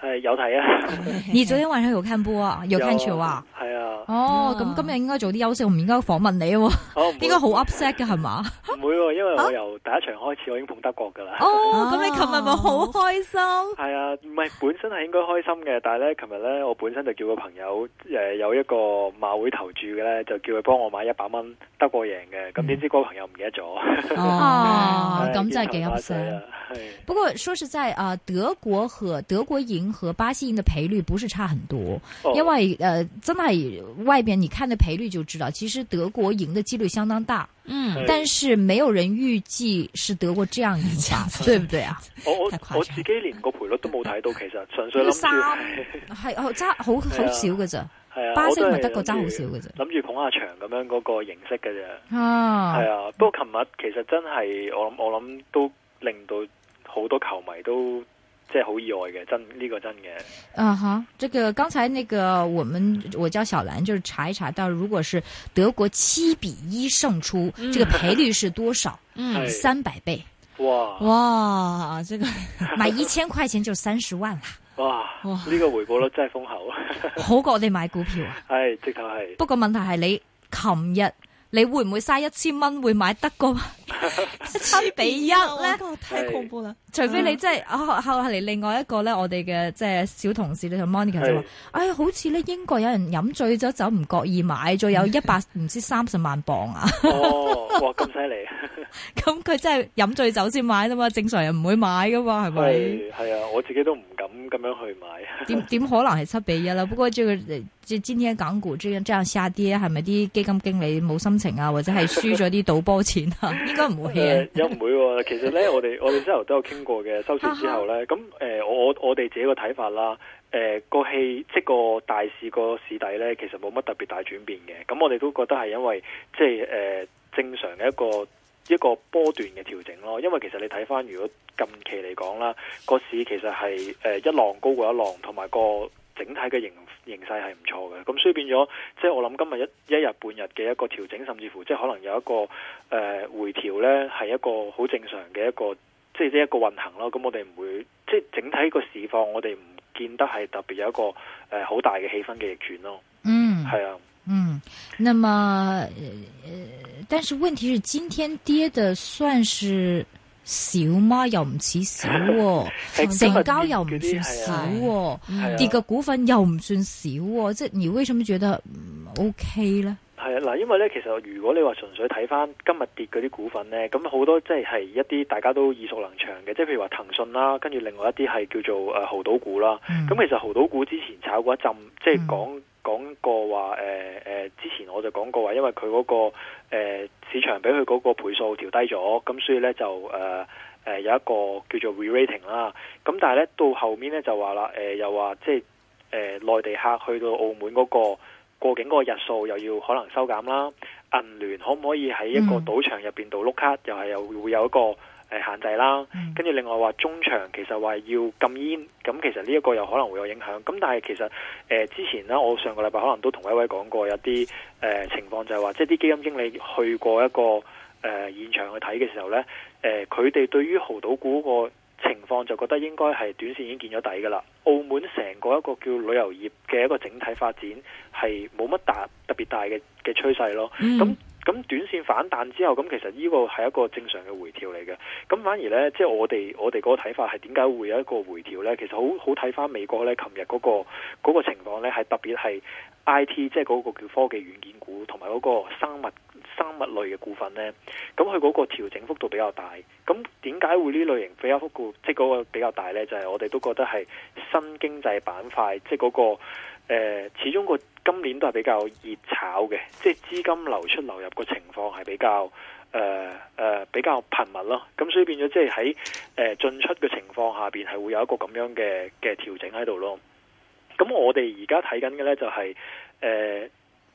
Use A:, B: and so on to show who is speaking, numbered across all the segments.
A: 係有睇啊！你昨
B: 天晚上有
C: 看波啊？有看球啊？係啊！哦，咁今日應該早啲休息，我唔應該訪問你啊。應該好 upset 嘅係嘛？
A: 唔會，因為我由第一場開始我已經捧德國噶啦。哦，咁
B: 你琴日咪好開心？
A: 係啊，唔係本身係應該開心嘅，但係咧，琴日咧我本身就叫個朋友誒，有一個馬會投注嘅咧，就叫佢幫我買一百蚊德國贏嘅。咁點知個朋友唔記得咗？哦，咁真係幾 upset。係。
C: 不過說實在啊，德國和德國贏。和巴西贏的賠率不是差很多，哦、因為呃，真係外邊你看的賠率就知道，其實德國贏的幾率相當大，嗯，
A: 是的但是
C: 沒有人預計是德國這樣一家的對不對啊？
A: 我我我自己連個賠率都冇睇到，其實純粹諗
C: 係三 哦，好
A: 好少噶啫，啊、巴西咪得個爭好少噶啫，諗住捧下場咁樣嗰個形式噶啫，啊，係啊，不過琴日其實真係我想我諗都令到好多球迷都。即係好意外嘅，真呢、這個
C: 真嘅。啊哈、uh，huh，這個剛才那個我們我叫小蘭，就是查一查到，如果是德國七比一勝出，嗯、這個賠率是多少？嗯，三百倍。哇哇，
A: 這個 買一
C: 千塊錢就三十萬啦。哇
A: 哇，呢哇個回報率真係豐厚。 好
C: 過我哋買股票
A: 啊。係， 直頭
C: 係。不過問題係你琴日你會唔會嘥一千蚊會買德國？
B: 七比一咧，太恐怖啦！了是除非你即
C: 係後後嚟另外一個咧，我哋嘅即係小同事、啊、小同 Monica 就話，是哎好似咧英國有人飲醉咗，酒唔覺意買咗有一百唔知 三十萬磅啊！哦，哇，
A: 咁犀利！
C: 咁佢真係飲醉酒先買啦嘛，正常人唔會買
A: 噶嘛，係咪？係啊，我自己都唔敢咁樣去買。點點
C: 可能係七比一啦？不過即係即係今天港股最近這樣下跌，係咪啲基金經理冇心情啊？或者係輸咗啲賭波錢啊？ 應該唔會啊，
A: 有唔、嗯、會、啊？其實咧，我哋我哋 之後都有傾過嘅，收市之後咧，咁、呃、誒，我我我哋自己嘅睇法啦，誒、呃，那個氣即係個大市、那個市底咧，其實冇乜特別大轉變嘅。咁我哋都覺得係因為即係誒、呃，正常嘅一個。一個波段嘅調整咯，因為其實你睇返，如果近期嚟講啦，個市其實係誒一浪高過一浪，同埋個整體嘅形形勢係唔錯嘅。咁所以變咗，即係我諗今日一一日半日嘅一個調整，甚至乎即係可能有一個誒、呃、回調咧，係一個好正常嘅一個即係一個運行咯。咁我哋唔會即係整體個市況，我哋唔見得係特別有一個誒好大嘅氣氛嘅逆轉咯。嗯，係啊，嗯，
C: 那麼但是問題是，今天跌的算是少嗎？又唔似少，成交又唔算少，跌嘅股份又唔算少，哦，即係你為什麼覺得唔、嗯、OK 呢？
A: 係啊，嗱，因為呢，其實如果你話純粹睇翻今日跌嗰啲股份呢，咁好多即係一啲大家都耳熟能詳嘅，即係譬如話騰訊啦，跟住另外一啲係叫做誒濠、呃、賭股啦，咁、嗯嗯、其實豪賭股之前炒過一浸，即係講。個話誒誒，之前我就講過話，因為佢嗰、那個誒、呃、市場俾佢嗰個倍數調低咗，咁所以咧就誒誒、呃呃、有一個叫做 re-rating 啦。咁但係咧到後面咧就話啦，誒、呃、又話即係誒內地客去到澳門嗰個過境個日數又要可能收減啦。銀聯可唔可以喺一個賭場入邊度碌卡？又係又會有一個。誒，限制啦，跟住另外話中場其實話要禁煙，咁其實呢一個又可能會有影響。咁但係其實誒、呃、之前咧，我上個禮拜可能都同一位講過一，有啲誒情況就係話，即係啲基金經理去過一個誒、呃、現場去睇嘅時候咧，誒佢哋對於濠賭股個情況就覺得應該係短線已經見咗底噶啦。澳門成個一個叫旅遊業嘅一個整體發展係冇乜大特別大嘅嘅趨勢咯。咁咁短線反彈之後，咁其實呢個係一個正常嘅回調嚟嘅。咁反而呢，即係我哋我哋嗰個睇法係點解會有一個回調呢？其實好好睇翻美國呢，琴日嗰個嗰個情況呢，係特別係 IT，即係嗰個叫科技軟件股同埋嗰個生物生物類嘅股份呢。咁佢嗰個調整幅度比較大。咁點解會呢類型比較幅固，即係嗰個比較大呢，就係我哋都覺得係新經濟板塊，即係嗰個。誒，始終個今年都係比較熱炒嘅，即係資金流出流入個情況係比較誒誒比較頻密咯。咁所以變咗即係喺誒進出嘅情況下邊，係會有一個咁樣嘅嘅調整喺度咯。咁我哋而家睇緊嘅呢就係誒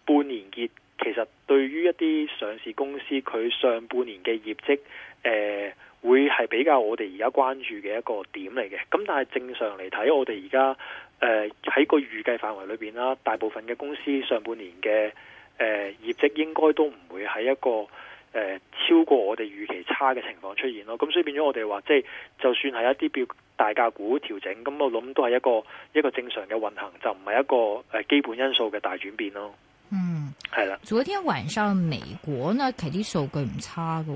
A: 半年結。其實對於一啲上市公司，佢上半年嘅業績，誒、呃，會係比較我哋而家關注嘅一個點嚟嘅。咁但係正常嚟睇，我哋而家誒喺個預計範圍裏邊啦，大部分嘅公司上半年嘅誒、呃、業績應該都唔會喺一個誒、呃、超過我哋預期差嘅情況出現咯。咁所以變咗我哋話，即、就、係、是、就算係一啲表大價股調整，咁我諗都係一個一個正常嘅運行，就唔係一個誒基本因素嘅大轉變咯。嗯，係啦的。
C: 昨天晚上美國呢，其實啲數據唔差噶。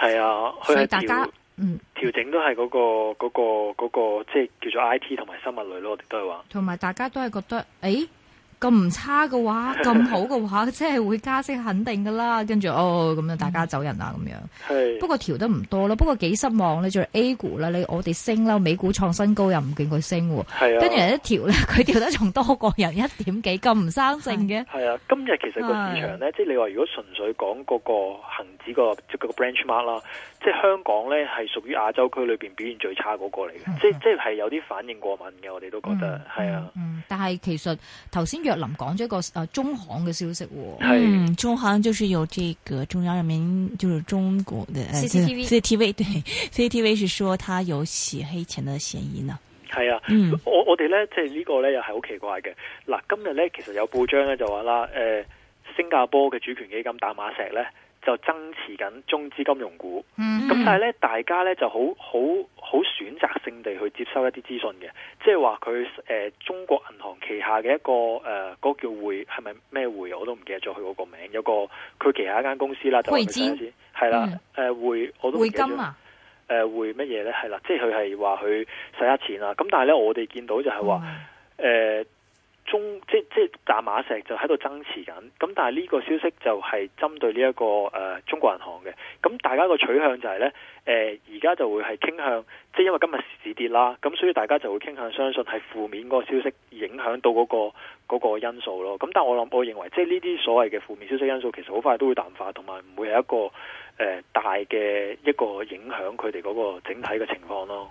C: 係啊的，所以大家調
A: 嗯調整都係嗰個、嗰個、嗰個，即係叫做 IT 同埋生物類咯。我哋都係話，
C: 同埋大家都係覺得誒。欸咁唔差嘅話，咁好嘅話，即係 會加息肯定㗎啦。跟住哦，咁樣大家走人啊咁樣。係是。不過調得唔多咯，不過幾失望咧。仲 A 股啦，你我哋升啦，美股創新高又唔見佢升喎。係啊。跟住一調咧，佢調得仲多過人 一點幾咁唔生性嘅。係啊，
A: 今日其實個市場咧，即係你話如果純粹講嗰個恆指個即係個 branch mark 啦。即係香港咧，係屬於亞洲區裏邊表現最差嗰個嚟嘅、嗯，即係即係有啲反應過敏嘅，我哋都
C: 覺得係、嗯、啊嗯。嗯，但係其實頭
B: 先若林講咗一個誒中行嘅消息。係、嗯、是中行就是有這個中央人民就是中國的 CCTV，CCTV、呃、CCTV，對 CCTV 是說他有洗黑錢的嫌疑呢。
A: 係啊，嗯、我我哋咧即係呢個咧又係好奇怪嘅。嗱，今日咧其實有報章咧就話啦，誒、呃，新加坡嘅主權基金淡馬錫咧。就增持緊中資金融股，咁、嗯嗯、但係咧，大家咧就好好好選擇性地去接收一啲資訊嘅，即係話佢誒中國銀行旗下嘅一個誒嗰、呃嗰個叫匯，係咪咩匯我都唔記得咗佢嗰個名，有個佢旗下一間公司啦。匯金係啦，誒匯我都唔記得咗、啊呃。匯乜嘢咧？係啦，即係佢係話佢洗黑錢啊！咁但係咧，我哋見到就係話誒。嗯中即即大馬石就喺度增持緊，咁但係呢個消息就係針對呢、這、一個、呃、中國銀行嘅，咁大家個取向就係、是、呢，而、呃、家就會係傾向，即因為今日市跌啦，咁所以大家就會傾向相信係負面個消息影響到嗰、那個嗰、那個因素咯。咁但係我諗，我認為即係呢啲所謂嘅負面消息因素，其實好快都會淡化，同埋唔會係一個、呃、大嘅一個影響佢哋嗰個整體嘅情況咯。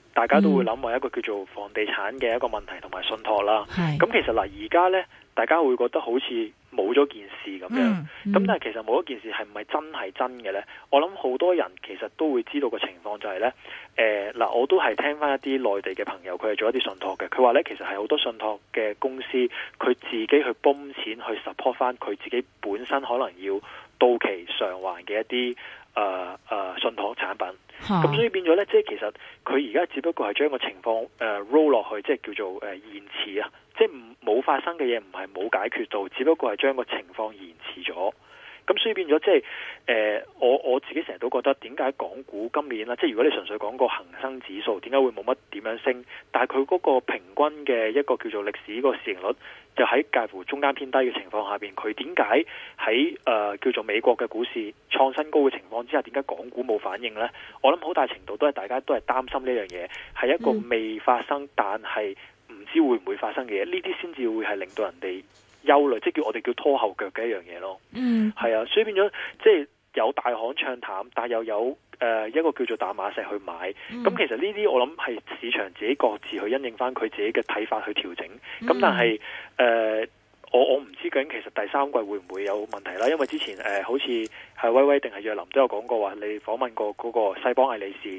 A: 大家都會諗為一個叫做房地產嘅一個問題同埋信託啦。咁是其實嗱，而家呢，大家會覺得好似冇咗件事咁樣。咁、嗯嗯、但係其實冇咗件事係唔係真係真嘅呢？我諗好多人其實都會知道個情況就係、是、呢。嗱、呃，我都係聽翻一啲內地嘅朋友，佢係做一啲信託嘅。佢話呢，其實係好多信託嘅公司，佢自己去泵錢去 support 翻佢自己本身可能要到期償還嘅一啲。誒誒，uh, uh, 信託產品，咁 Huh. 所以變咗咧，即係其實佢而家只不過係將個情況誒、uh, roll 落去，即係叫做誒、uh, 延遲啊，即係唔冇發生嘅嘢，唔係冇解決到，只不過係將個情況延遲咗。咁所以變咗，即係誒，uh, 我我自己成日都覺得，點解港股今年啦，即係如果你純粹講個恒生指數，點解會冇乜點樣升？但係佢嗰個平均嘅一個叫做歷史個市盈率。就喺介乎中間偏低嘅情況下邊，佢點解喺誒叫做美國嘅股市創新高嘅情況之下，點解港股冇反應咧？我諗好大程度都係大家都係擔心呢樣嘢，係一個未發生、嗯、但係唔知會唔會發生嘅嘢。呢啲先至會係令到人哋憂慮，即係叫我哋叫拖後腳嘅一樣嘢咯。嗯，係啊，所以變咗即係。有大行唱淡，但又有誒、呃、一個叫做打馬石去買，咁、mm hmm. 其實呢啲我諗係市場自己各自去因應翻佢自己嘅睇法去調整，咁、mm hmm. 但係誒、呃、我我唔知究竟其實第三季會唔會有問題啦，因為之前誒、呃、好似係威威定係約林都有講過話，你訪問過嗰個西方艾利斯。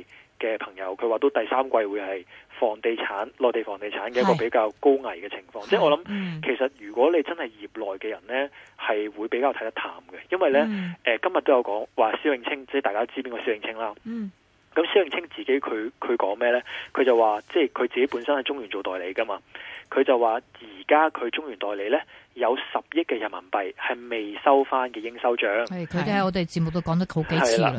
A: 嘅朋友，佢話都第三季會係房地產，內地房地產嘅一個比較高危嘅情況，的即係我諗、嗯、其實如果你真係業內嘅人咧，係會比較睇得淡嘅，因為咧，誒、嗯呃、今日都有講話，肖永清，即係大家知邊個肖永清啦。嗯，咁肖永清自己佢佢講咩咧？佢就話即係佢自己本身係中原做代理噶嘛，佢就話而家佢中原代理咧，有十億嘅人民幣係未收翻嘅應收賬。係佢喺我
C: 哋節目都講得好
A: 幾次啦。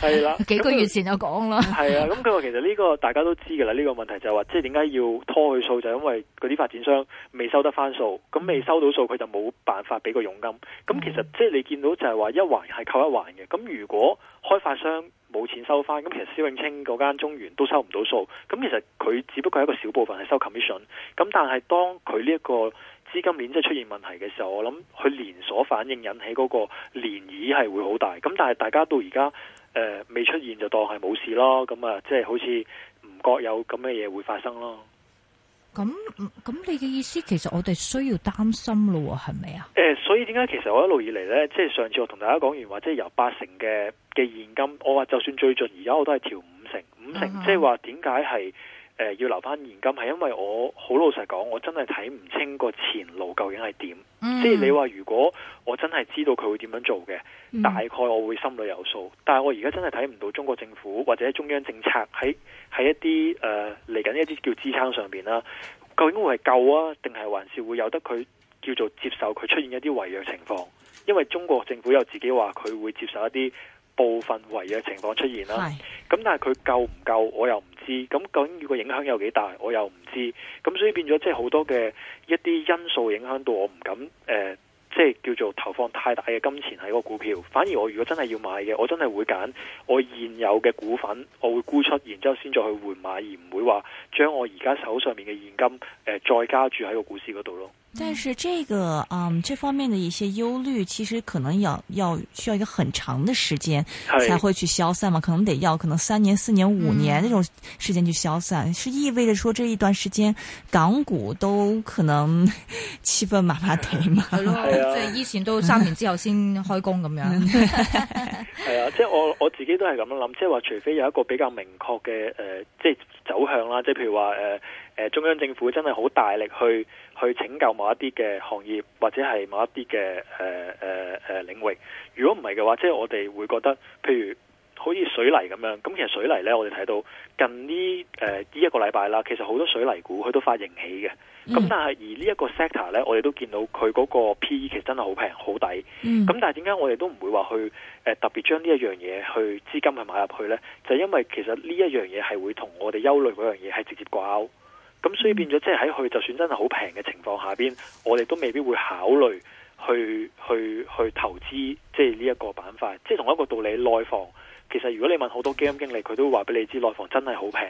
A: 係啦的， 的幾個
C: 月前就講啦。係啊、嗯，
A: 咁佢話其實呢個大家都知噶啦，呢、這個問題就係話，即係點解要拖佢數，就是、因為嗰啲發展商未收得翻數，咁未收到數，佢就冇辦法俾個佣金。咁其實即係你見到就係話一環係扣一環嘅。咁如果開發商冇錢收翻，咁其實施永青嗰間中原都收唔到數。咁其實佢只不過係一個小部分係收 commission。咁但係當佢呢一個。資金鏈即係出現問題嘅時候，我諗佢連鎖反應引起嗰個漣漪係會好大。咁但係大家到而家誒未出現就當係冇事咯。咁啊，即係好似唔覺有咁嘅嘢會發生咯。
C: 咁，咁你嘅意思，其實我哋需要擔心咯，係咪
A: 啊？誒、呃，所以點解其實我一路以嚟咧，即係上次我同大家講完話，即係由八成嘅嘅現金，我話就算最盡，而家我都係調五成，五成，即係話點解係？要留翻現金係因為我好老實講，我真係睇唔清個前路究竟係點。嗯、即係你話如果我真係知道佢會點樣做嘅，大概我會心裏有數。嗯、但係我而家真係睇唔到中國政府或者中央政策喺喺一啲誒嚟緊一啲叫支撐上面啦。究竟會係救啊，定係還是會由得佢叫做接受佢出現一啲違約情況？因為中國政府又自己話佢會接受一啲。部分違約嘅情況出現啦，咁的但係佢夠唔夠我又唔知道，咁究竟個影響有幾大我又唔知道，咁所以變咗即係好多嘅一啲因素影響到我唔敢誒、呃，即係叫做投放太大嘅金錢喺個股票，反而我如果真係要買嘅，我真係會揀我現有嘅股份，我會沽出，然之後先再去換買，而唔會話將我而家手上面嘅現金、呃、再加住喺個股市嗰度咯。
B: 但是這個，嗯，這方面的一些憂慮，其實可能要要需要一個很長的時間才會去消散嘛，可能得要可能三年、四年、五年那種時間去消散，嗯，是意味着說這一段時間港股都可能氣氛麻
A: 麻地嘛，即係以
C: 前都三年之後先開工咁樣。
A: 係啊，即、就、係、是、我我自己都係咁樣諗，即係話除非有一個比較明確嘅誒，即、呃、係、就是、走向啦，即、就、係、是、譬如話誒。呃誒、呃，中央政府真係好大力去去拯救某一啲嘅行業或者係某一啲嘅誒誒誒領域。如果唔係嘅話，即、就、係、是、我哋會覺得，譬如好似水泥咁樣，咁、嗯、其實水泥咧，我哋睇到近呢誒呢一個禮拜啦，其實好多水泥股佢都發盈喜嘅。咁、嗯嗯、但係而這呢一個 sector 咧，我哋都見到佢嗰個 PE 其實真係好平好抵。咁、嗯嗯、但係點解我哋都唔會話去誒、呃、特別將呢一樣嘢去資金買去買入去咧？就是、因為其實呢一樣嘢係會同我哋憂慮嗰樣嘢係直接掛鈎。咁所以變咗，即係喺佢就算真係好平嘅情況下邊，我哋都未必會考慮去去去投資，即係呢一個板塊。即係同一個道理，內房其實如果你問好多基金經理，佢都會話俾你知，內房真係好平，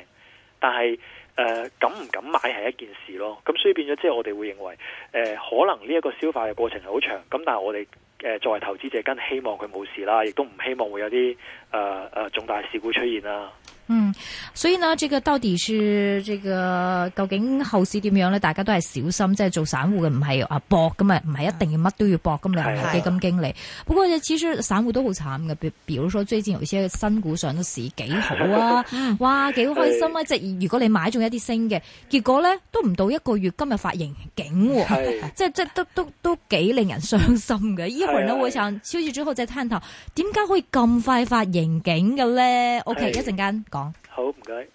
A: 但係誒、呃、敢唔敢買係一件事咯。咁所以變咗，即係我哋會認為誒、呃，可能呢一個消化嘅過程係好長。咁但係我哋誒作為投資者，梗係希望佢冇事啦，亦都唔希望會有啲誒誒重大事故出現啦。
C: 嗯，所以呢，這個到底是這個究竟後市點樣呢？大家都係小心，即、就、係、是、做散戶嘅，唔係啊博嘛，啊，唔係一定要乜都要搏。咁樣嘅基金經理。的不過，即係其實散戶都好慘嘅，比如說最近有啲新股上市幾好啊，的哇，幾開心啊！是的即係如果你買中一啲升嘅，結果呢都唔到一個月，今日發盈警，啊的，即係都都都幾令人傷心嘅。一會的都會上的消息之後再探討，點解可以咁快發盈警嘅呢 o、okay, k 的一陣間講。
A: 好，唔該。